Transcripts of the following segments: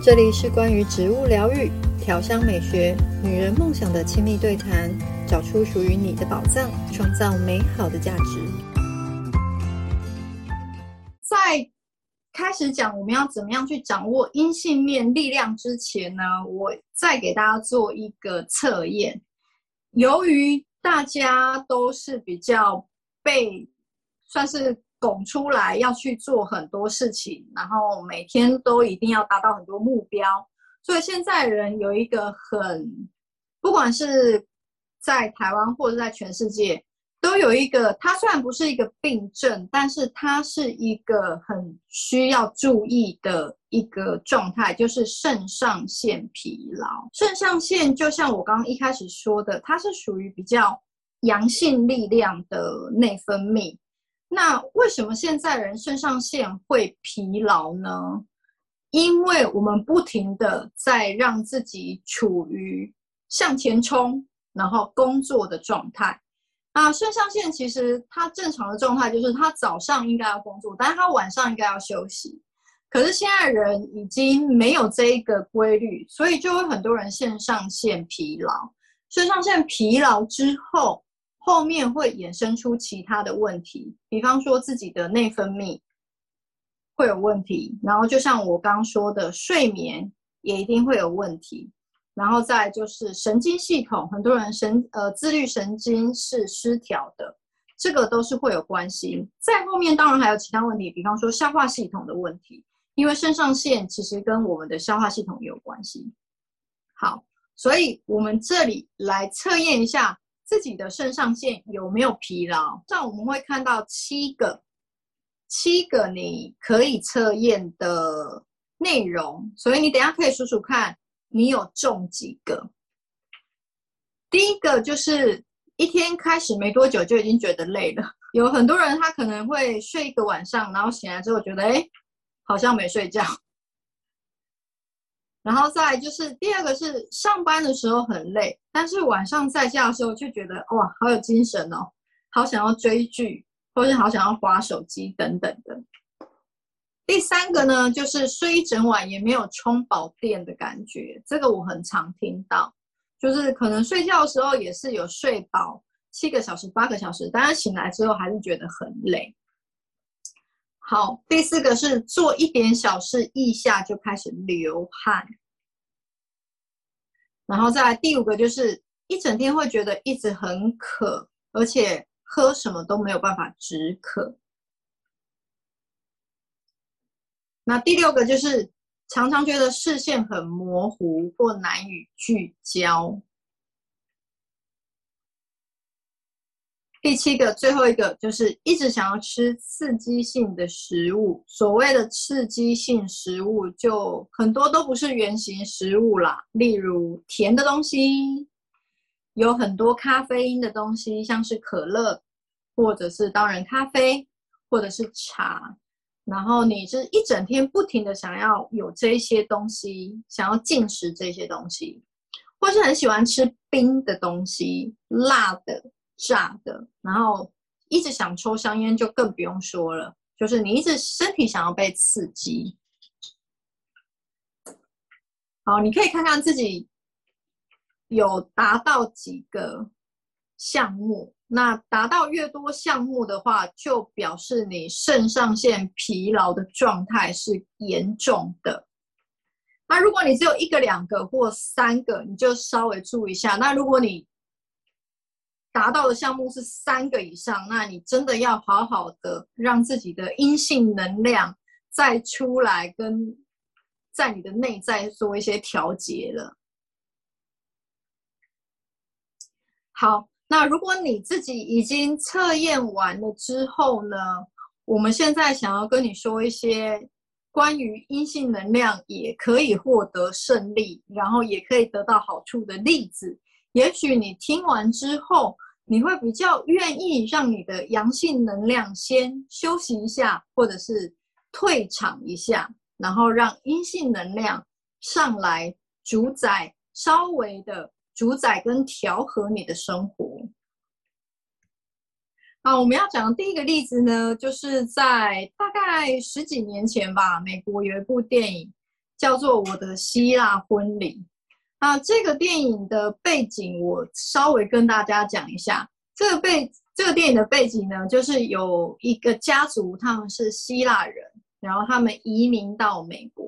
這裡是關於植物療癒、調香美學、女人夢想的親密對談，找出屬於你的寶藏，創造美好的價值。在開始講我們要怎麼樣去掌握陰性面力量之前呢，我再給大家做一個測驗。由於大家都是比較被算是。拱出來要去做很多事情，然後每天都一定要達到很多目標，所以現在人有一個很，不管是，在台灣或者在全世界，都有一個，它雖然不是一個病症，但是它是一個很需要注意的一個狀態，就是腎上腺疲勞。腎上腺就像我剛剛一開始說的，它是屬於比較陽性力量的內分泌。那為什麼現在人腎上腺會疲勞呢？因為我們不停的在讓自己處於向前衝，然後工作的狀態。啊，腎上腺其實它正常的狀態就是它早上應該要工作，但是它晚上應該要休息。可是現在人已經沒有這一個規律，所以就會很多人腎上腺疲勞。腎上腺疲勞之後。後面會衍生出其他的問題，比方說自己的內分泌會有問題，然後就像我剛說的，睡眠也一定會有問題，然後再就是神經系統，很多人神呃自律神經是失調的，這個都是會有關係。再後面當然還有其他問題，比方說消化系統的問題，因為腎上腺其實跟我們的消化系統也有關係。好，所以我們這裡來測驗一下。自己的腎上腺有沒有疲勞？像我們會看到七個、七個你可以測驗的內容，所以你等一下可以數數看，你有中幾個。第一個就是一天開始沒多久就已經覺得累了，有很多人他可能會睡一個晚上，然後醒來之後覺得誒、欸、好像沒睡覺。然後再來就是第二個是上班的時候很累，但是晚上在家的時候就覺得哇，好有精神哦，好想要追劇，或是好想要滑手機等等的。第三個呢，就是睡一整晚也沒有充飽電的感覺，這個我很常聽到，就是可能睡覺的時候也是有睡飽七個小時、八個小時，但是醒來之後還是覺得很累。好，第四個是做一點小事，一下就開始流汗。然後再來第五個就是一整天會覺得一直很渴，而且喝什麼都沒有辦法止渴。那第六個就是常常覺得視線很模糊，或難以聚焦。第七個，最後一個就是一直想要吃刺激性的食物。所謂的刺激性食物，就很多都不是原型食物啦。例如甜的東西，有很多咖啡因的東西，像是可樂，或者是當然咖啡，或者是茶。然後你是一整天不停的想要有這些東西，想要進食這些東西，或是很喜歡吃冰的東西、辣的炸的，然後一直想抽香煙，就更不用說了。就是你一直身體想要被刺激，好，你可以看看自己有達到幾個項目。那達到越多項目的話，就表示你腎上腺疲勞的狀態是嚴重的。那如果你只有一個、兩個或三個，你就稍微注意一下。那如果你，達到的項目是三個以上，那你真的要好好的讓自己的陰性能量再出來，跟在你的內在做一些調節了。好，那如果你自己已經測驗完了之後呢，我們現在想要跟你說一些關於陰性能量也可以獲得勝利，然後也可以得到好處的例子。也許你聽完之後，你會比較願意讓你的陽性能量先休息一下，或者是退場一下，然後讓陰性能量上來主宰，稍微的主宰跟調和你的生活。好，我們要講的第一個例子呢，就是在大概十幾年前吧，美國有一部電影叫做《我的希臘婚禮》。啊，這個電影的背景我稍微跟大家講一下。這個背，這個電影的背景呢，就是有一個家族，他們是希臘人，然後他們移民到美國。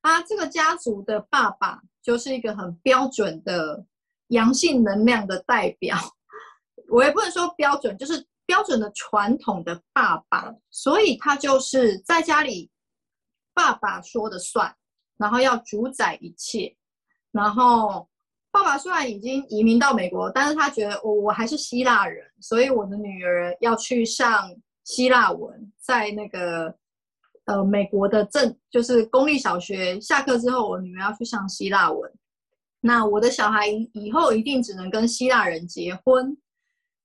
啊，這個家族的爸爸就是一個很標準的陽性能量的代表，我也不能說標準，就是標準的傳統的爸爸，所以他就是在家裡，爸爸說的算，然後要主宰一切。然後，爸爸雖然已經移民到美國，但是他覺得我、哦、我還是希臘人，所以我的女兒要去上希臘文，在那個呃美國的鎮，就是公立小學。下課之後，我女兒要去上希臘文。那我的小孩以後一定只能跟希臘人結婚，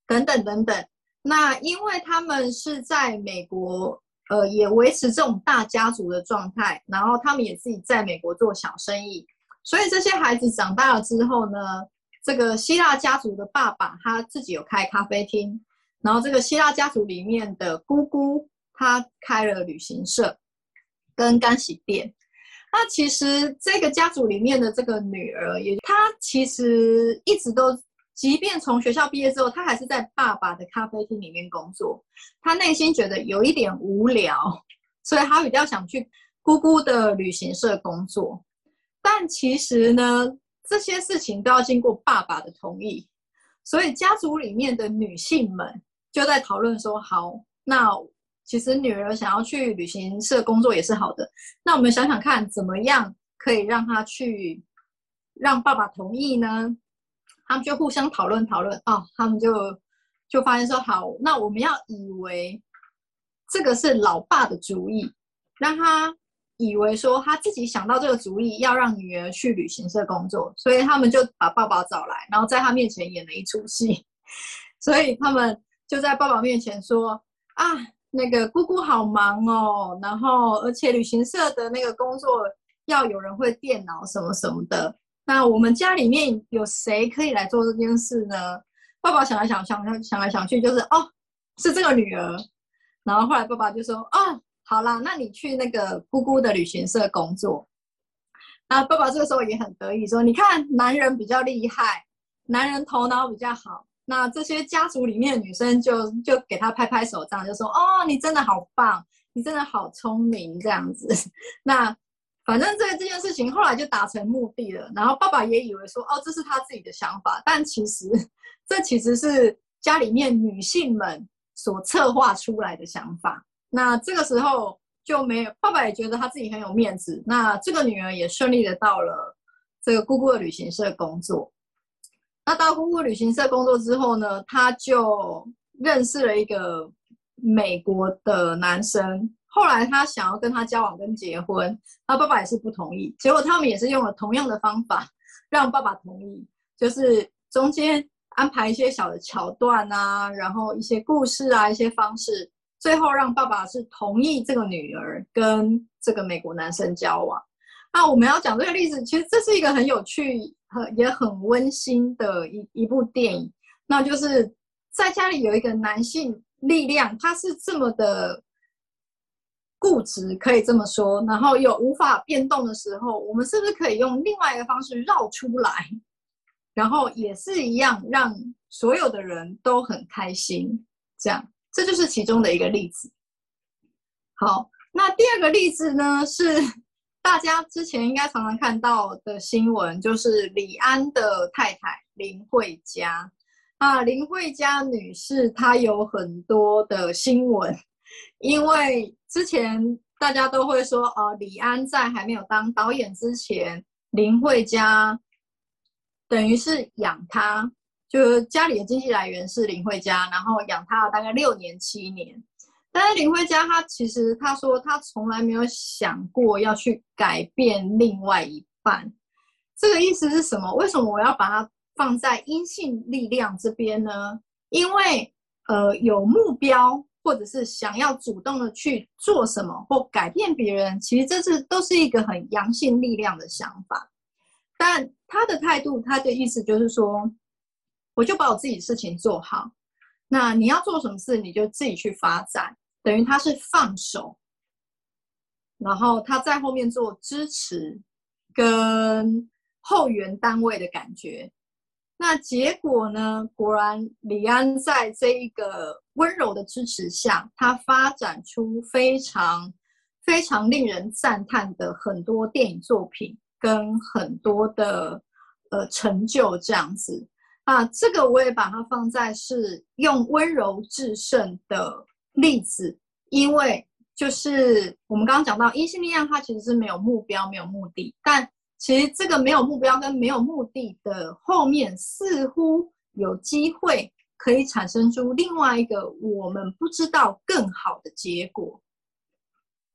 等等等等。那因為他們是在美國，呃，也維持這種大家族的狀態，然後他們也自己在美國做小生意。所以這些孩子長大了之後呢，這個希臘家族的爸爸他自己有開咖啡廳，然後這個希臘家族裡面的姑姑她開了旅行社跟乾洗店。那其實這個家族裡面的這個女兒也，她其實一直都，即便從學校畢業之後，她還是在爸爸的咖啡廳裡面工作。她內心覺得有一點無聊，所以她比較想去姑姑的旅行社工作。但其實呢，這些事情都要經過爸爸的同意，所以家族裡面的女性們就在討論說：“好，那其實女兒想要去旅行社工作也是好的，那我們想想看，怎麼樣可以讓她去，讓爸爸同意呢？”他們就互相討論討論，哦，他們就就發現說：“好，那我們要以為這個是老爸的主意，讓他。”以為說他自己想到這個主意，要讓女兒去旅行社工作，所以他們就把爸爸找來，然後在他面前演了一齣戲。所以他們就在爸爸面前說：“啊，那個姑姑好忙哦，然後而且旅行社的那個工作要有人會電腦什麼什麼的。那我們家裡面有誰可以來做這件事呢？”爸爸想來想想想來想去，就是哦，是這個女兒。然後後來爸爸就說：“哦。”好啦，那你去那個姑姑的旅行社工作，啊，爸爸這個時候也很得意說，說你看男人比較厲害，男人頭腦比較好。那這些家族裡面的女生就就給他拍拍手掌，就說哦，你真的好棒，你真的好聰明這樣子。那反正這這件事情後來就達成目的了。然後爸爸也以為說哦，這是他自己的想法，但其實這其實是家裡面女性們所策劃出來的想法。那這個時候就沒有爸爸也覺得他自己很有面子。那這個女兒也順利的到了這個姑姑的旅行社工作。那到姑姑旅行社工作之後呢，他就認識了一個美國的男生。後來他想要跟他交往跟結婚，他爸爸也是不同意。結果他們也是用了同樣的方法讓爸爸同意，就是中間安排一些小的橋段啊，然後一些故事啊，一些方式。最後讓爸爸是同意這個女兒跟這個美國男生交往。那我們要講這個例子，其實這是一個很有趣，很也很溫馨的一一部電影。那就是在家裡有一個男性力量，他是這麼的固執，可以這麼說。然後又無法變動的時候，我們是不是可以用另外一個方式繞出來？然後也是一樣，讓所有的人都很開心，這樣。這就是其中的一個例子。好，那第二個例子呢，是大家之前應該常常看到的新聞，就是李安的太太林惠嘉啊。林惠嘉女士她，有很多的新聞，因為之前大家都會說，哦、啊，李安在還沒有當導演之前，林惠嘉等於是養她。就家裡的經濟來源是林慧嘉，然後養他大概六年七年。但是林慧嘉他其實他說他從來沒有想過要去改變另外一半。這個意思是什麼？為什麼我要把它放在陰性力量這邊呢？因為呃有目標或者是想要主動的去做什麼或改變別人，其實這是都是一個很陽性力量的想法。但他的態度，他的意思就是說。我就把我自己的事情做好。那你要做什麼事，你就自己去發展，等於他是放手，然後他在後面做支持跟後援單位的感覺。那結果呢？果然李安在這一個溫柔的支持下，他發展出非常非常令人讚嘆的很多電影作品跟很多的呃成就，這樣子。啊，這個我也把它放在是用溫柔致勝的例子，因為就是我們剛剛講到陰性力量，它其實是沒有目標、沒有目的，但其實這個沒有目標跟沒有目的的後面，似乎有機會可以產生出另外一個我們不知道更好的結果。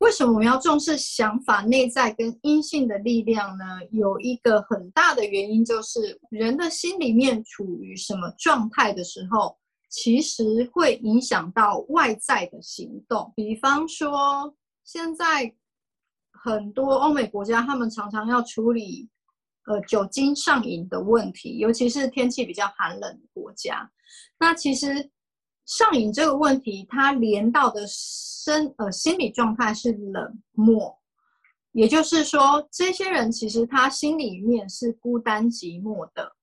為什麼我們要重視想法內在跟陰性的力量呢？有一個很大的原因，就是人的心裡面處於什麼狀態的時候，其實會影響到外在的行動。比方說，現在很多歐美國家，他們常常要處理呃酒精上癮的問題，尤其是天氣比較寒冷的國家。那其實。上癮這個問題，他連到的深，呃，心理狀態是冷漠，也就是說，這些人其實他心裡面是孤單寂寞的，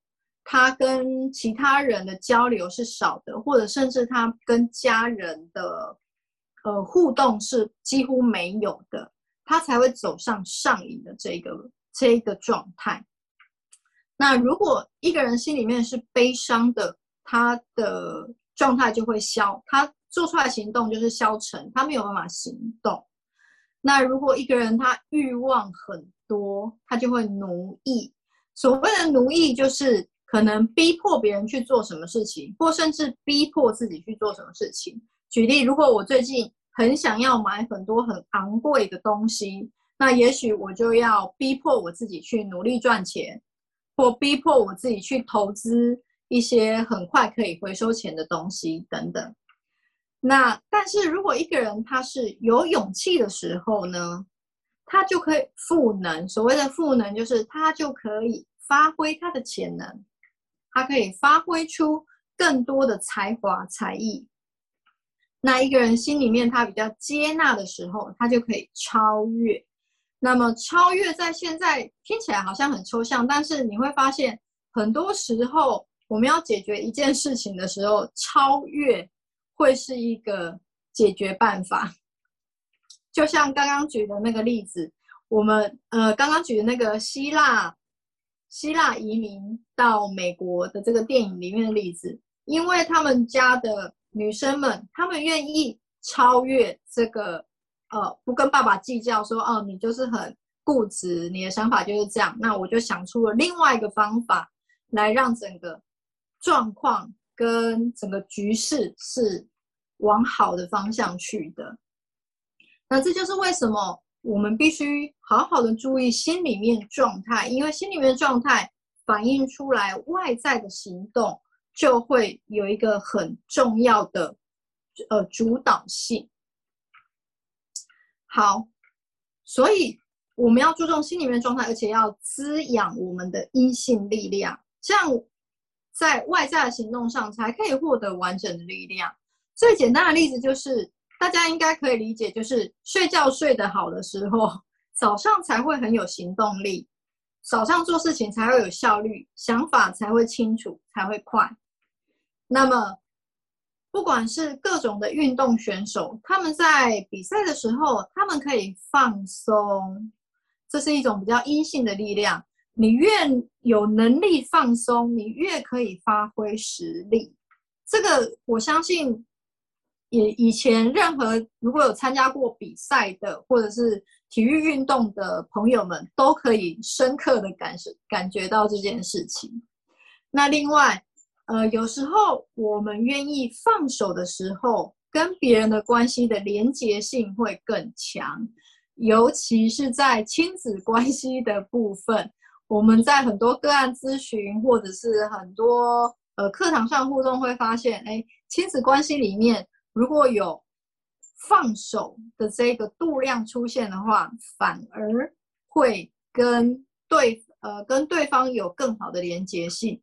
他跟其他人的交流是少的，或者甚至他跟家人的，呃，互動是幾乎沒有的，他才會走上上癮的這個這個狀態。那如果一個人心裡面是悲傷的，他的。狀態就會消，他做出來行動就是消沉，他沒有辦法行動。那如果一個人他欲望很多，他就會奴役。所謂的奴役就是可能逼迫別人去做什麼事情，或甚至逼迫自己去做什麼事情。舉例，如果我最近很想要買很多很昂貴的東西，那也許我就要逼迫我自己去努力賺錢，或逼迫我自己去投資。一些很快可以回收錢的東西等等。那但是如果一個人他是有勇氣的時候呢，他就可以賦能。所謂的賦能，就是他就可以發揮他的潛能，他可以發揮出更多的才華才藝。那一個人心裡面他比較接納的時候，他就可以超越。那麼超越在現在聽起來好像很抽象，但是你會發現很多時候。我們要解決一件事情的時候，超越會是一個解決辦法。就像剛剛舉的那個例子，我們呃剛剛舉的那個希臘希臘移民到美國的這個電影裡面的例子，因為他們家的女生們，她們願意超越這個呃，不跟爸爸計較說，說哦，你就是很固執，你的想法就是這樣。那我就想出了另外一個方法來讓整個。狀況跟整個局勢是往好的方向去的，那這就是為什麼我們必須好好的注意心裡面狀態，因為心裡面狀態反映出來外在的行動，就會有一個很重要的呃主導性。好，所以我們要注重心裡面的狀態，而且要滋養我們的陰性力量，這樣在外在行動上才可以獲得完整的力量。最簡單的例子就是，大家應該可以理解，就是睡覺睡得好的時候，早上才會很有行動力，早上做事情才會有效率，想法才會清楚，才會快。那麼，不管是各種的運動選手，他們在比賽的時候，他們可以放鬆，這是一種比較陰性的力量。你越有能力放鬆，你越可以發揮實力。這個我相信，以以前任何如果有參加過比賽的，或者是體育運動的朋友們，都可以深刻的感受感覺到這件事情。那另外，呃，有時候我們願意放手的時候，跟別人的關係的連結性會更強，尤其是在親子關係的部分。我們在很多個案諮詢，或者是很多呃課堂上互動，會發現，哎，親子關係裡面如果有放手的這個度量出現的話，反而會跟對呃跟對方有更好的連結性。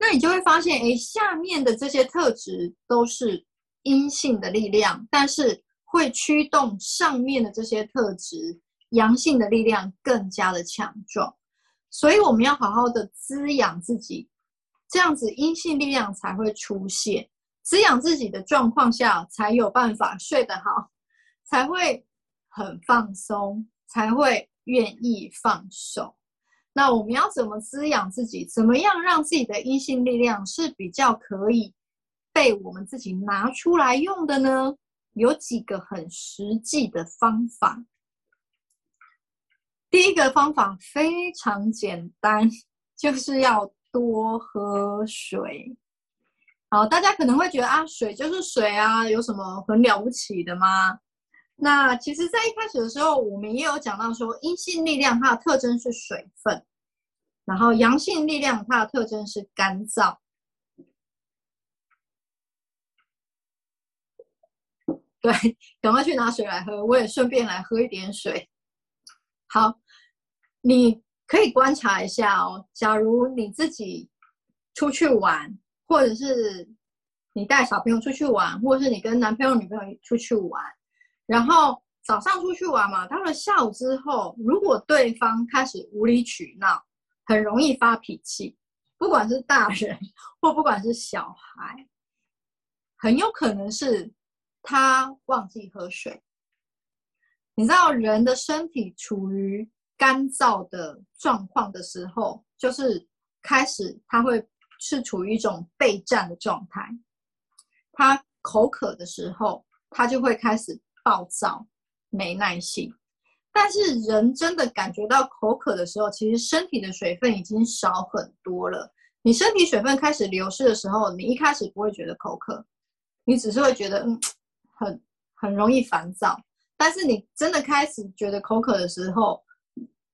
那你就會發現，哎，下面的這些特質都是陰性的力量，但是會驅動上面的這些特質陽性的力量更加的強壯。所以我們要好好的滋養自己，這樣子陰性力量才會出現。滋養自己的狀況下，才有辦法睡得好，才會很放鬆，才會願意放手。那我們要怎麼滋養自己？怎麼樣讓自己的陰性力量是比較可以被我們自己拿出來用的呢？有幾個很實際的方法。第一個方法非常簡單，就是要多喝水。好，大家可能會覺得啊，水就是水啊，有什麼很了不起的嗎？那其實，在一開始的時候，我們也有講到說，陰性力量它的特徵是水分，然後陽性力量它的特徵是乾燥。對，趕快去拿水來喝，我也順便來喝一點水。好。你可以觀察一下哦，假如你自己出去玩，或者是你帶小朋友出去玩，或者是你跟男朋友、女朋友出去玩，然後早上出去玩嘛，到了下午之後，如果對方開始無理取鬧，很容易發脾氣，不管是大人，或不管是小孩，很有可能是他忘記喝水。你知道人的身體處於乾燥的狀況的時候，就是開始它會是處於一種備戰的狀態。它口渴的時候，它就會開始暴躁、沒耐性。但是人真的感覺到口渴的時候，其實身體的水分已經少很多了。你身體水分開始流失的時候，你一開始不會覺得口渴，你只是會覺得嗯，很很容易煩躁。但是你真的開始覺得口渴的時候，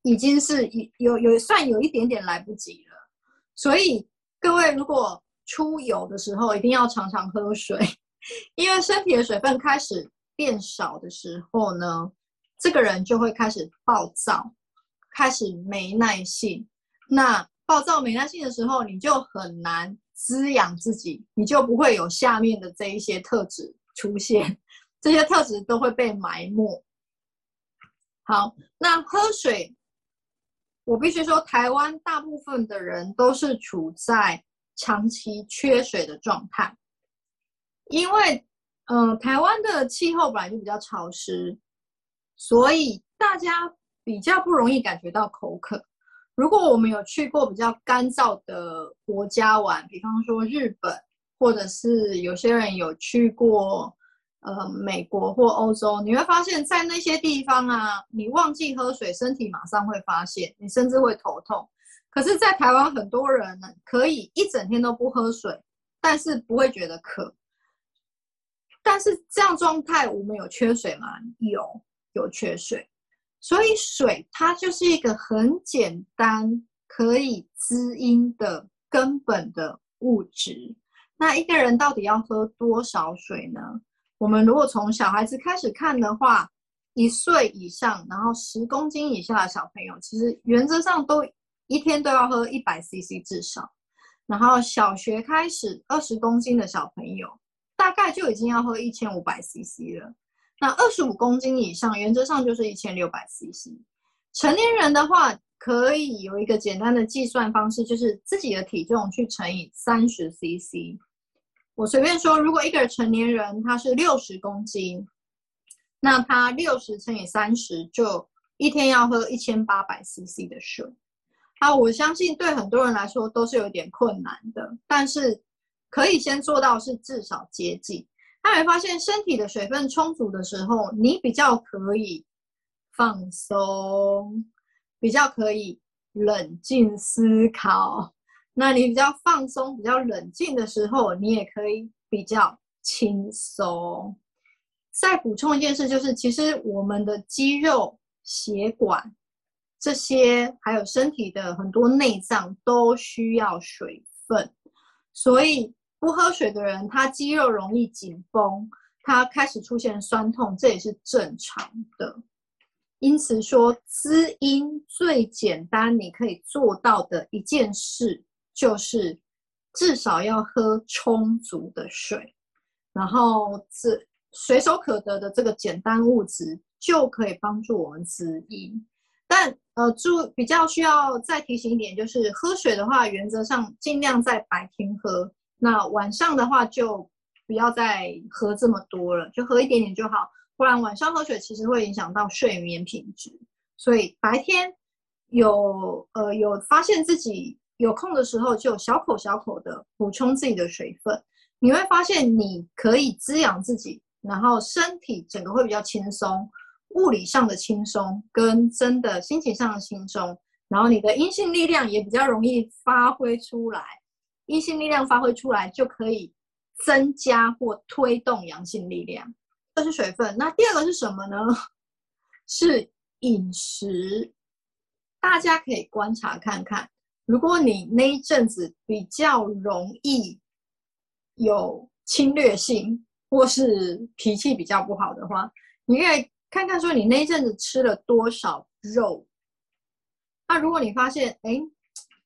已經是有有算有一點點來不及了，所以各位如果出遊的時候一定要常常喝水，因為身體的水分開始變少的時候呢，這個人就會開始暴躁，開始沒耐性。那暴躁沒耐性的時候，你就很難滋養自己，你就不會有下面的這一些特質出現，這些特質都會被埋沒。好，那喝水。我必須說，台灣大部分的人都是處在長期缺水的狀態，因為，嗯、呃，台灣的氣候本來就比較潮濕，所以大家比較不容易感覺到口渴。如果我們有去過比較乾燥的國家玩，比方說日本，或者是有些人有去過。呃，美國或歐洲，你會發現在那些地方啊，你忘記喝水，身體馬上會發現，你甚至會頭痛。可是，在台灣，很多人呢，可以一整天都不喝水，但是不會覺得渴。但是這樣狀態，我們有缺水嗎？有，有缺水。所以，水它就是一個很簡單可以滋陰的根本的物質。那一個人到底要喝多少水呢？我們如果從小孩子開始看的話，一歲以上，然後十公斤以下的小朋友，其實原則上都一天都要喝一百 CC 至少。然後小學開始，二十公斤的小朋友，大概就已經要喝一千五百 CC 了。那二十五公斤以上，原則上就是一千六百 CC。成年人的話，可以有一個簡單的計算方式，就是自己的體重去乘以三十 CC。我隨便說，如果一個成年人他是六十公斤，那他六十乘以三十，就一天要喝一千八百 CC 的水。啊，我相信對很多人來說都是有點困難的，但是可以先做到是至少接近。他會發現，身體的水分充足的時候，你比較可以放鬆，比較可以冷靜思考。那你比較放鬆、比較冷靜的時候，你也可以比較輕鬆。再補充一件事，就是其實我們的肌肉、血管這些，還有身體的很多內臟都需要水分，所以不喝水的人，他肌肉容易緊繃，他開始出現痠痛，這也是正常的。因此說，滋陰最簡單你可以做到的一件事。就是至少要喝充足的水，然後這隨手可得的這個簡單物質就可以幫助我們滋陰。但呃，注比較需要再提醒一點，就是喝水的話，原則上儘量在白天喝。那晚上的話，就不要再喝這麼多了，就喝一點點就好。不然晚上喝水其實會影響到睡眠品質。所以白天有呃有發現自己。有空的時候，就小口小口的補充自己的水分，你會發現你可以滋養自己，然後身體整個會比較輕鬆，物理上的輕鬆跟真的心情上的輕鬆，然後你的陰性力量也比較容易發揮出來，陰性力量發揮出來就可以增加或推動陽性力量。這是水分，那第二個是什麼呢？是飲食，大家可以觀察看看。如果你那一陣子比較容易有侵略性，或是脾氣比較不好的話，你可以看看說你那一陣子吃了多少肉。那如果你發現，哎，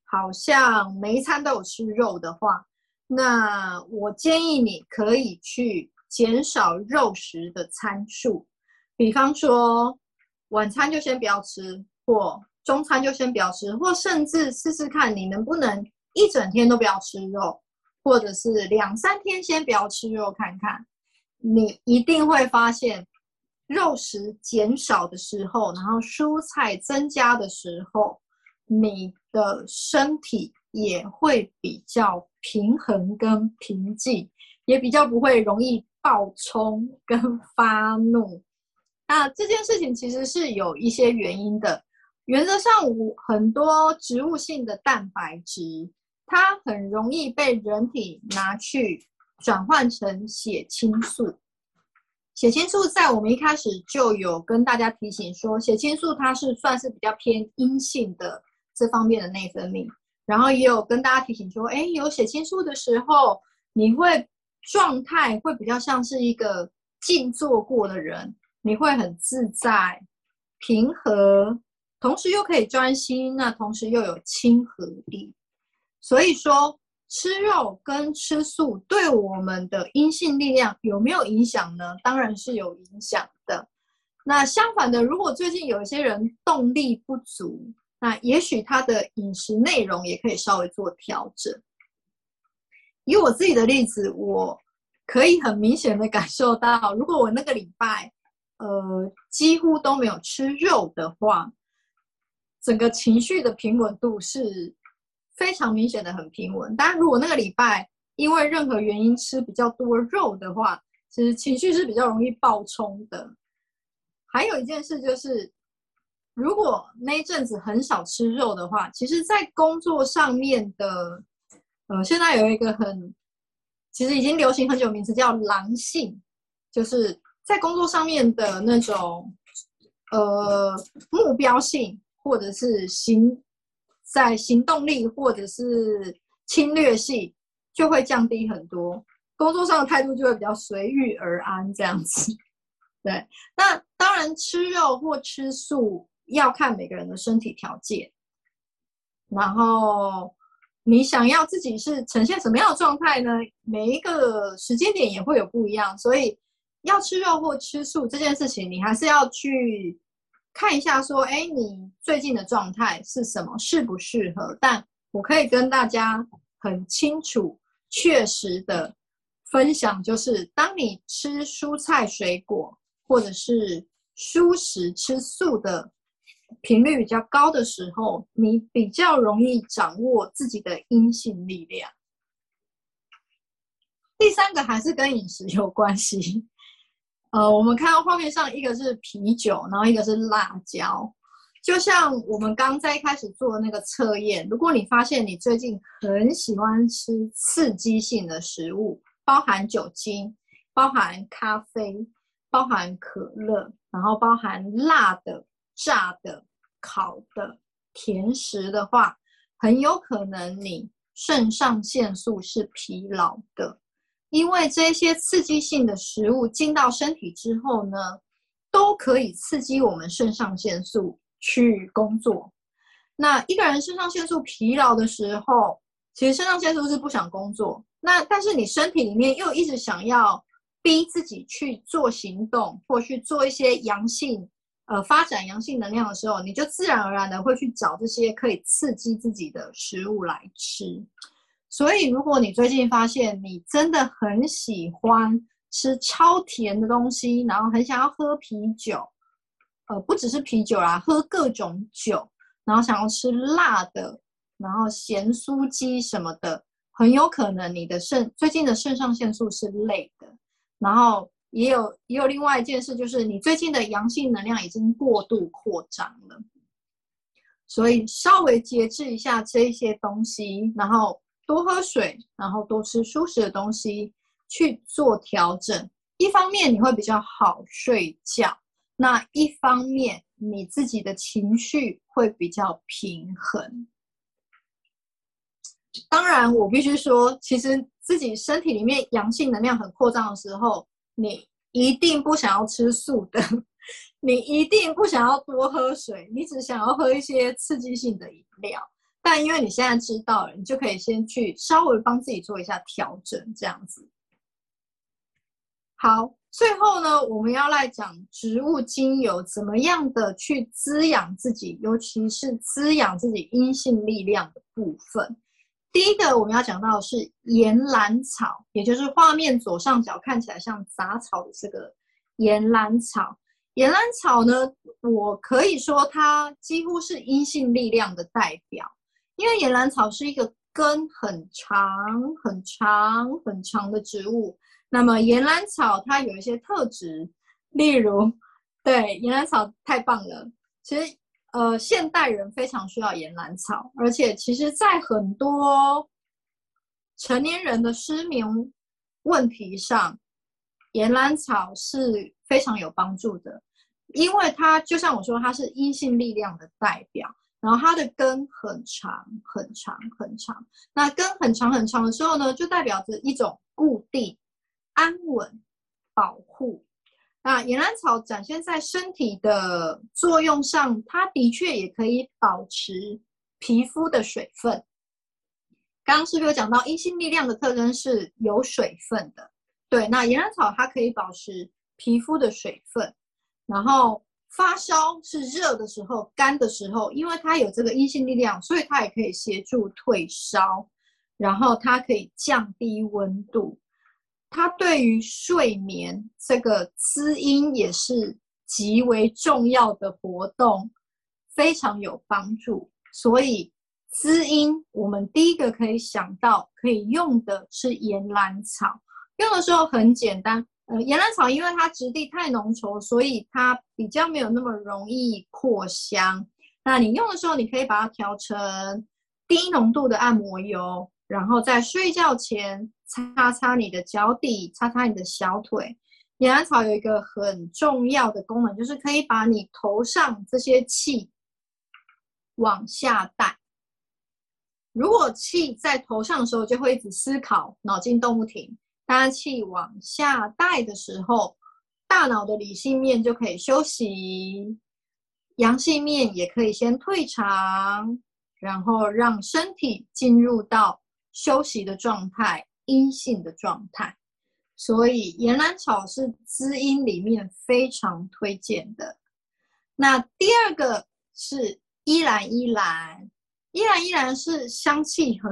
好像每一餐都有吃肉的話，那我建議你可以去減少肉食的餐數，比方說晚餐就先不要吃，或。中餐就先不要吃，或甚至試試看你能不能一整天都不要吃肉，或者是兩三天先不要吃肉看看，你一定會發現，肉食減少的時候，然後蔬菜增加的時候，你的身體也會比較平衡跟平靜，也比較不會容易暴衝跟發怒。那這件事情其實是有一些原因的。原則上，很多植物性的蛋白質，它很容易被人體拿去轉換成血清素。血清素在我們一開始就有跟大家提醒說，血清素它是算是比較偏陰性的這方面的內分泌。然後也有跟大家提醒說，哎、欸，有血清素的時候，你會狀態會比較像是一個靜坐過的人，你會很自在、平和。同時又可以專心，那同時又有親和力，所以說吃肉跟吃素對我們的陰性力量有沒有影響呢？當然是有影響的。那相反的，如果最近有一些人動力不足，那也許他的飲食內容也可以稍微做調整。以我自己的例子，我可以很明顯的感受到，如果我那個禮拜，呃，幾乎都沒有吃肉的話，整個情緒的平穩度是非常明顯的，很平穩。但如果那個禮拜因為任何原因吃比較多肉的話，其實情緒是比較容易暴衝的。還有一件事就是，如果那陣子很少吃肉的話，其實，在工作上面的，呃，現在有一個很，其實已經流行很久，名字叫“狼性”，就是在工作上面的那種，呃，目標性。或者是行，在行動力或者是侵略性就會降低很多，工作上的態度就會比較隨遇而安這樣子。對，那當然吃肉或吃素要看每個人的身體條件，然後你想要自己是呈現什麼樣的狀態呢？每一個時間點也會有不一樣，所以要吃肉或吃素這件事情，你還是要去。看一下，說，哎，你最近的狀態是什麼？適不適合？但我可以跟大家很清楚、確實的分享，就是當你吃蔬菜、水果，或者是蔬食、吃素的頻率比較高的時候，你比較容易掌握自己的陰性力量。第三個還是跟飲食有關係。呃，我們看到畫面上一個是啤酒，然後一個是辣椒，就像我們剛在一開始做的那個測驗。如果你發現你最近很喜歡吃刺激性的食物，包含酒精、包含咖啡、包含可樂，然後包含辣的、炸的、烤的、甜食的話，很有可能你腎上腺素是疲勞的。因為這些刺激性的食物進到身體之後呢，都可以刺激我們腎上腺素去工作。那一個人腎上腺素疲勞的時候，其實腎上腺素是不想工作，那但是你身體裡面又一直想要逼自己去做行動或去做一些陽性，呃，發展陽性能量的時候，你就自然而然的會去找這些可以刺激自己的食物來吃。所以，如果你最近發現你真的很喜歡吃超甜的東西，然後很想要喝啤酒，呃，不只是啤酒啦，喝各種酒，然後想要吃辣的，然後鹹酥雞什麼的，很有可能你的腎，最近的腎上腺素是累的。然後也有也有另外一件事，就是你最近的陽性能量已經過度擴張了，所以稍微節制一下吃一些東西，然後。多喝水，然後多吃素食的東西去做調整。一方面你會比較好睡覺，那一方面你自己的情緒會比較平衡。當然，我必須說，其實自己身體裡面陽性能量很擴張的時候，你一定不想要吃素的，你一定不想要多喝水，你只想要喝一些刺激性的飲料。但因為你現在知道了，你就可以先去稍微幫自己做一下調整，這樣子。好，最後呢，我們要來講植物精油怎麼樣的去滋養自己，尤其是滋養自己陰性力量的部分。第一個我們要講到的是岩蘭草，也就是畫面左上角看起來像雜草的這個岩蘭草。岩蘭草呢，我可以說它幾乎是陰性力量的代表。因為岩蘭草是一個根很長、很長、很長的植物。那麼，岩蘭草它有一些特質，例如，對，岩蘭草太棒了。其實，呃，現代人非常需要岩蘭草，而且，其實，在很多成年人的失眠問題上，岩蘭草是非常有幫助的，因為它就像我說，它是陰性力量的代表。然後它的根很長很長很長，那根很長很長的時候呢，就代表着一種固定、安穩、保護。那岩蘭草展現在身體的作用上，它的確也可以保持皮膚的水分。剛剛是不是有講到陰性力量的特徵是有水分的，對，那岩蘭草它可以保持皮膚的水分，然後。發燒是熱的時候，乾的時候，因為它有這個陰性力量，所以它也可以協助退燒，然後它可以降低溫度。它對於睡眠這個滋陰也是極為重要的活動，非常有幫助。所以滋陰，我們第一個可以想到可以用的是岩蘭草，用的時候很簡單。呃，岩蘭草因為它質地太濃稠，所以它比較沒有那麼容易擴香。那你用的時候，你可以把它調成低濃度的按摩油，然後在睡覺前擦擦擦你的腳底，擦擦你的小腿。岩蘭草有一個很重要的功能，就是可以把你頭上這些氣往下帶。如果氣在頭上的時候，就會一直思考，腦筋動不停。大氣往下帶的時候，大腦的理性面就可以休息，陽性面也可以先退場，然後讓身體進入到休息的狀態、陰性的狀態。所以岩蘭草是滋陰裡面非常推薦的。那第二個是依蘭依蘭。依然依然是香氣很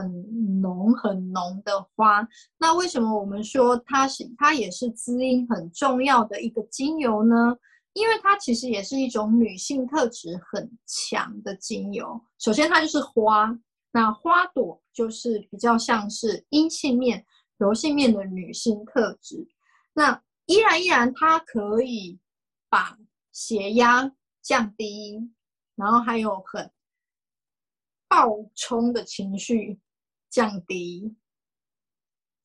濃很濃的花，那為什麼我們說它是它也是滋陰很重要的一個精油呢？因為它其實也是一種女性特質很強的精油。首先，它就是花，那花朵就是比較像是陰性面、柔性面的女性特質。那依然依然，它可以把血壓降低，然後還有很。暴衝的情緒降低，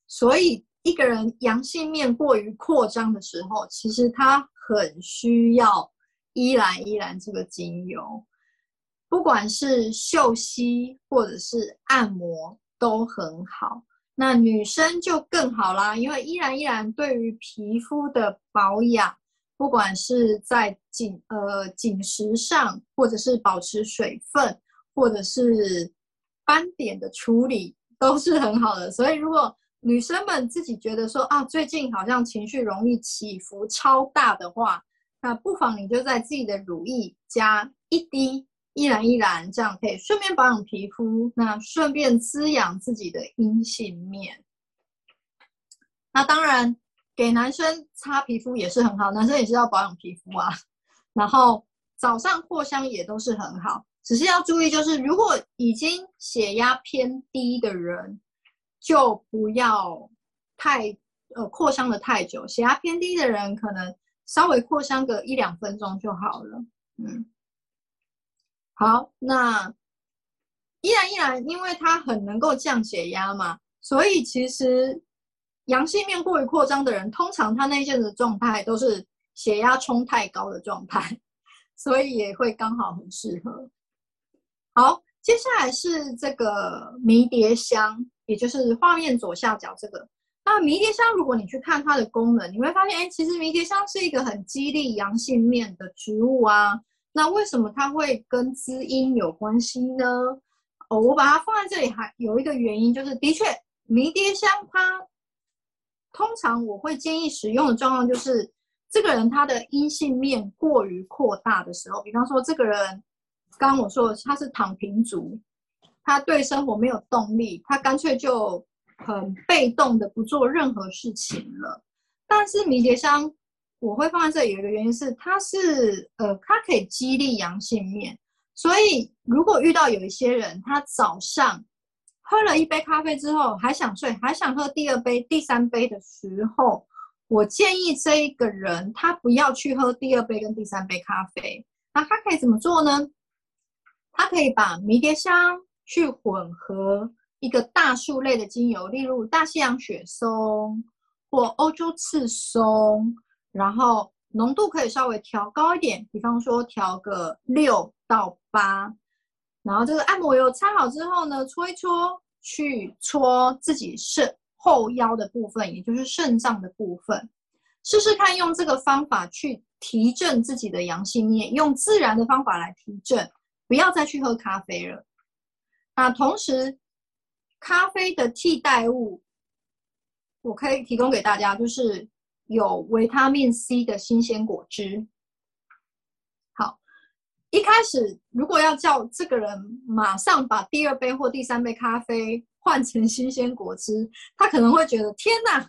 所以一個人陽性面過於擴張的時候，其實他很需要依蘭依蘭這個精油，不管是嗅吸或者是按摩都很好。那女生就更好啦，因為依蘭依蘭對於皮膚的保養，不管是在緊呃緊實上，或者是保持水分，或者是斑點的處理都是很好的，所以如果女生們自己覺得說啊，最近好像情緒容易起伏超大的話，那不妨你就在自己的乳液加一滴依蘭依蘭，這樣可以順便保養皮膚，那順便滋養自己的陰性面。那當然，給男生擦皮膚也是很好，男生也是要保養皮膚啊。然後早上擴香也都是很好。只是要注意，就是如果已經血壓偏低的人，就不要太呃擴張得太久。血壓偏低的人，可能稍微擴張個一兩分鐘就好了。嗯，好，那依然依然，因為它很能夠降血壓嘛，所以其實陽性面過於擴張的人，通常他那一陣子的狀態都是血壓衝太高的狀態，所以也會剛好很適合。好，接下來是這個迷迭香，也就是畫面左下角這個。那迷迭香，如果你去看它的功能，你會發現，哎、欸，其實迷迭香是一個很激勵陽性面的植物啊。那為什麼它會跟滋陰有關係呢？哦，我把它放在這裡，還有一個原因就是的，的確迷迭香它通常我會建議使用的狀況就是，這個人他的陰性面過於擴大的時候，比方說這個人。剛剛我說的，他是躺平族，他對生活沒有動力，他乾脆就很被動的不做任何事情了。但是迷迭香我會放在這裡，有一個原因是它是呃，它可以激勵陽性面，所以如果遇到有一些人，他早上喝了一杯咖啡之後還想睡，還想喝第二杯、第三杯的時候，我建議這一個人他不要去喝第二杯跟第三杯咖啡，那他可以怎麼做呢？它可以把迷迭香去混合一個大樹類的精油，例如大西洋雪松或歐洲赤松，然後濃度可以稍微調高一點，比方說調個六到八。然後這個按摩油擦好之後呢，搓一搓，去搓自己腎後腰的部分，也就是腎臟的部分，試試看用這個方法去提振自己的陽性面，用自然的方法來提振。不要再去喝咖啡了。那、啊、同時，咖啡的替代物，我可以提供給大家，就是有維他命 C 的新鮮果汁。好，一開始如果要叫這個人馬上把第二杯或第三杯咖啡換成新鮮果汁，他可能會覺得天哪，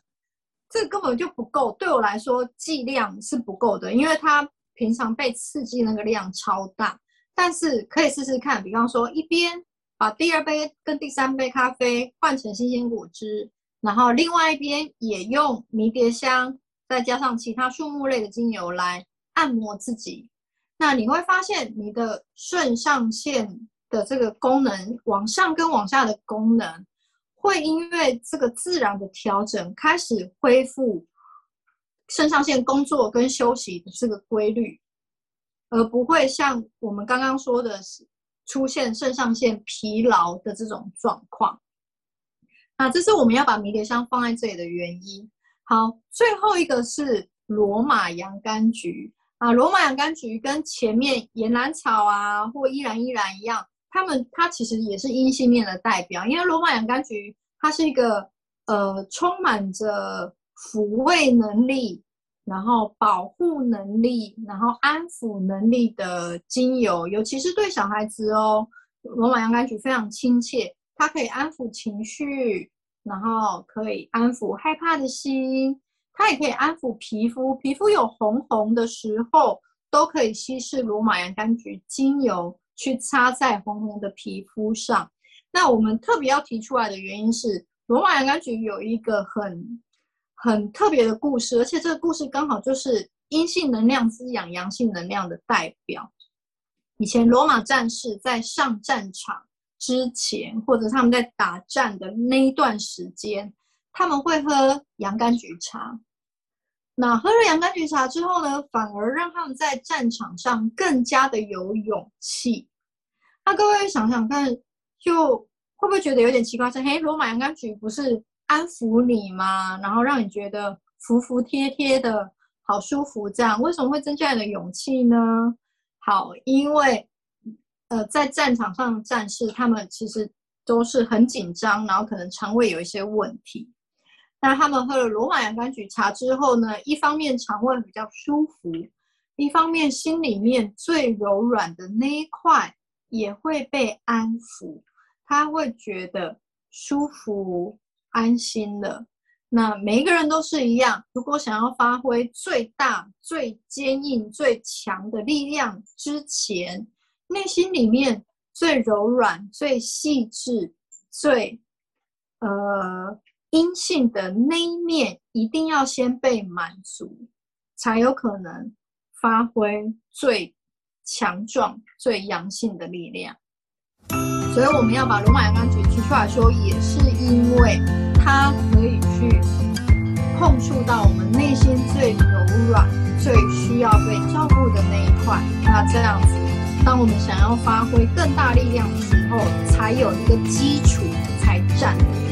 這個、根本就不夠，對我來說劑量是不夠的，因為他平常被刺激那個量超大。但是可以試試看，比方說，一邊把第二杯跟第三杯咖啡換成新鮮果汁，然後另外一邊也用迷迭香，再加上其他樹木類的精油來按摩自己。那你會發現，你的腎上腺的這個功能往上跟往下的功能，會因為這個自然的調整開始恢復腎上腺工作跟休息的這個規律。而不會像我們剛剛說的是出現腎上腺疲勞的這種狀況。那、啊、這是我們要把迷迭香放在這裡的原因。好，最後一個是羅馬洋甘菊啊，羅馬洋甘菊跟前面岩蘭草啊或依蘭依蘭一樣，它們它其實也是陰性面的代表，因為羅馬洋甘菊它是一個呃充滿着撫慰能力。然後保護能力，然後安撫能力的精油，尤其是對小孩子哦，羅馬洋甘菊非常親切，它可以安撫情緒，然後可以安撫害怕的心，它也可以安撫皮膚，皮膚有紅紅的時候，都可以稀釋羅馬洋甘菊精油去擦在紅紅的皮膚上。那我們特別要提出來的原因是，羅馬洋甘菊有一個很，很特別的故事，而且這個故事剛好就是陰性能量滋養陽性能量的代表。以前羅馬戰士在上戰場之前，或者他們在打仗的那一段時間，他們會喝洋甘菊茶。那喝了洋甘菊茶之後呢，反而讓他們在戰場上更加的有勇氣。那各位想想看，就會不會覺得有點奇怪？是，嘿，羅馬洋甘菊不是？安撫你嘛，然後讓你覺得服服帖帖的，好舒服。這樣為什麼會增加你的勇氣呢？好，因為呃，在戰場上戰，戰士他們其實都是很緊張，然後可能腸胃有一些問題。那他們喝了羅馬洋甘菊茶之後呢，一方面腸胃比較舒服，一方面心裡面最柔軟的那一塊也會被安撫，他會覺得舒服。安心的，那每一個人都是一樣。如果想要發揮最大、最堅硬、最強的力量，之前內心裡面最柔軟、最細緻、最呃陰性的那一面，一定要先被滿足，才有可能發揮最強壯、最陽性的力量。所以我們要把羅馬洋甘菊出來說也是因為，它可以去碰觸到我們內心最柔軟、最需要被照顧的那一塊。那這樣子，當我們想要發揮更大力量的時候，才有一個基礎才占，才站得